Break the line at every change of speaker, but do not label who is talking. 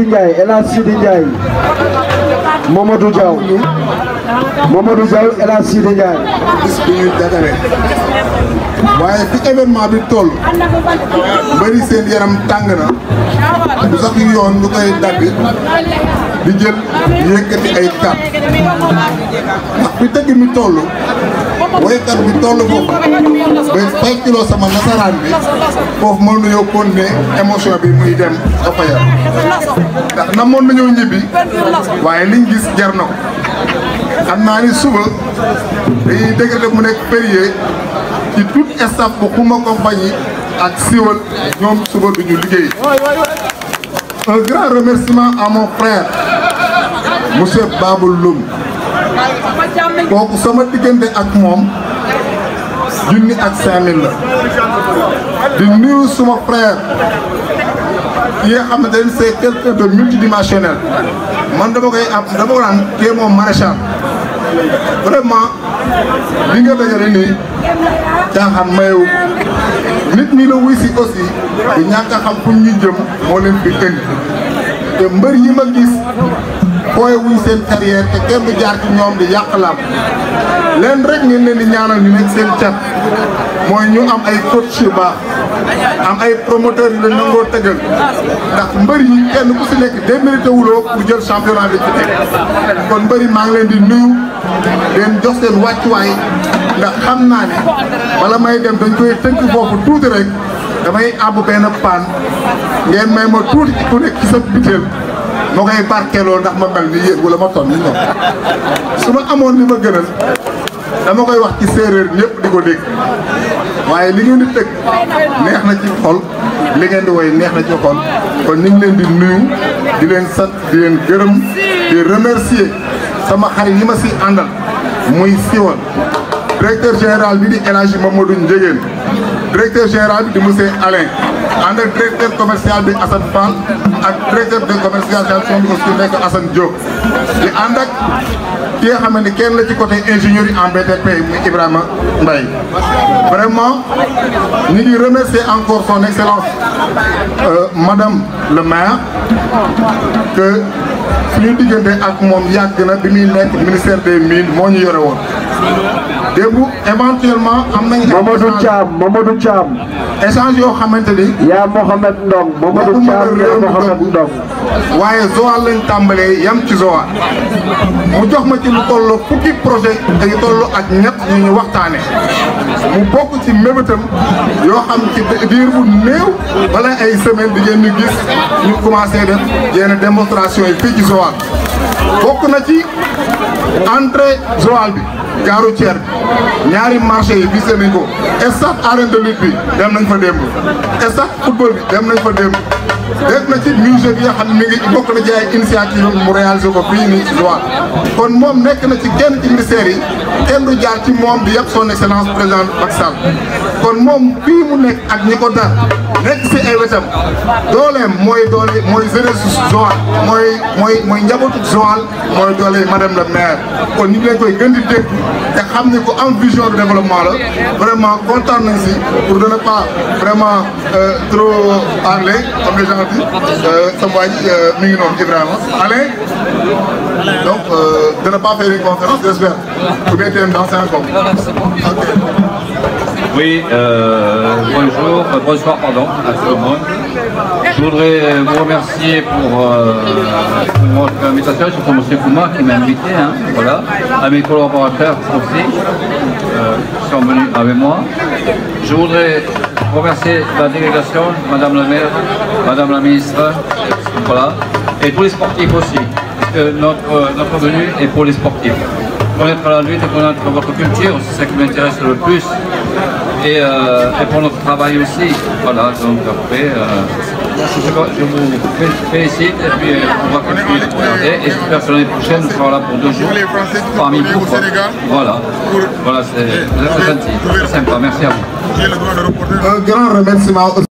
Sidi
Ndiaye El Hadj Sidi Ndiaye Mamadou Diaw Mamadou waaye fi événement bi toll bëri seen yaram tàng na bu sax yoon ñu koy dagg di jël yëkkati ay kàpp ndax bi dëgg mi toll. waykat bi toll foofu bay calculé sama nasaraan bi foofu mën nañoo continuer émotion bi muy dem ba fayal ndax na mën nañoo ñibbi waaye liñ gis jar na ko xam naa ni suba dañuy décrété mu nekk férié ci tout staff bu xuma compagnie ak siwal ñoom suba duñu liggéey un grand remerciement à mon frère monsieur Babou Loum kooku sama diggante ak moom junni ak cinq la di nuyu suma frère yi nga xam ne dañ c'est quelqu'un de multidimensionnel man dama koy am dama ko naan kii moom vraiment li nga dajale nii caaxaan mayewu nit ñi la wuy si aussi du ñàkk a xam fu ñuy jëm moo leen fi indi te mbër yi ma gis fooye wuñ seen carrière te kenn jaar ci ñoom di yàq làmb leen rek ñu leen di ñaanal ñu nekk seen cat mooy ñu am ay coach yu am ay promoteur yu la nangoo tëggal ndax mbër yi kenn ku si nekk démérité wuloo pour jël championnat bi ci nekk kon mbëri maa ngi leen di nuyu leen jox seen wàccuwaay ndax xam naa ne bala may dem dañ koy tënk foofu tuuti rek damay àbb benn paan ngeen may ma tuuti ku nekk ci sa biteel ma koy barkeeloo ndax ma mel ni yéen wala ma ton ni ñoom su ma amoon ni ma gënal dama koy wax ci séeréer bi yëpp di ko dégg waaye li ngeen di tëgg neex na ci xol li ngeen di woy neex na ci xol kon ñu leen di nuyu di leen sant di leen gërëm di remercier sama xarit yi ma si àndal muy siwal directeur général bi di El Hadji Mamadou Ndiégène directeur général bi di monsieur Alain ànd le directeur commercial de Hassan Fall ak directeur de commercial de Hassan Diop Et ànd ak ki nga quel kenn côté ingénieur en BTP Ibrahima Mbaye vraiment nous ngi remercier encore son excellence euh, madame le maire que suñu diggante ak moom yàgg na bi muy le ministère des mines moo ñu yore démb éventuellement am nañ. Mamadou Thiam Mamadou Thiam. échange yoo xamante ni. yaa Mohamed Ndong Mamadou Thiam yaa Mohamed Ndong. waaye Joal lañ tàmbalee yam ci Joal mu jox ma ci lu toll fukki projet dañu toll ak ñett ñu ñu waxtaane mu bokk ci mébétam yoo xam ci diir néew bala ay semaine bi ngeen ñu gis ñu commencé def yenn démonstration yi fii ci Joal bokk na ci entrée Joal bi. gare routière bi ñaari marché yi visé nañ ko stade arène de lutte bi dem nañ fa démb stade football bi dem nañ fa démb dégg na ci musée bi nga xam ne mi ngi bokk na ci ay initiative mu réalisé ko fii nii ci kon moom nekk na ci kenn ci yi kenn du jaar ci moom di yëpp son excellence président Macky Sall kon moom fii mu nekk ak ñi ko dar nekk si ay wetam dooleem mooy doole mooy jeunesse Joal mooy mooy mooy njabootu Joal mooy doole madame la maire kon ñu ngi leen koy gën di dégg te xam ne ko am vision de développement la vraiment kontaan nañ si pour ne pas vraiment euh, trop parler comme les gens disent euh, sama waay euh, mi ngi noonu Ibrahima donc de ne pas faire une conférence j'espère vous mettez dans un com.
Oui, euh, bonjour, euh, bonsoir pardon à tout le monde. Je voudrais euh, vous remercier pour, votre invitation, surtout M. Kouma qui m'a invité, hein, voilà, à mes collaborateurs aussi, qui sont venus avec moi. Je voudrais remercier la délégation, Madame la maire, Madame la ministre, voilà, et tous les sportifs aussi, parce que notre, notre venue est pour les sportifs. Connaître la lutte, connaître votre culture, c'est ce qui m'intéresse le plus. Euh, et, pour notre travail aussi. Voilà, donc après, euh, je, vous félicite et puis euh, on va continuer de regarder. Et j'espère que l'année prochaine, on sera là pour deux jours parmi vous. Voilà, voilà c'est gentil, c'est sympa, merci à
vous. Un grand remerciement.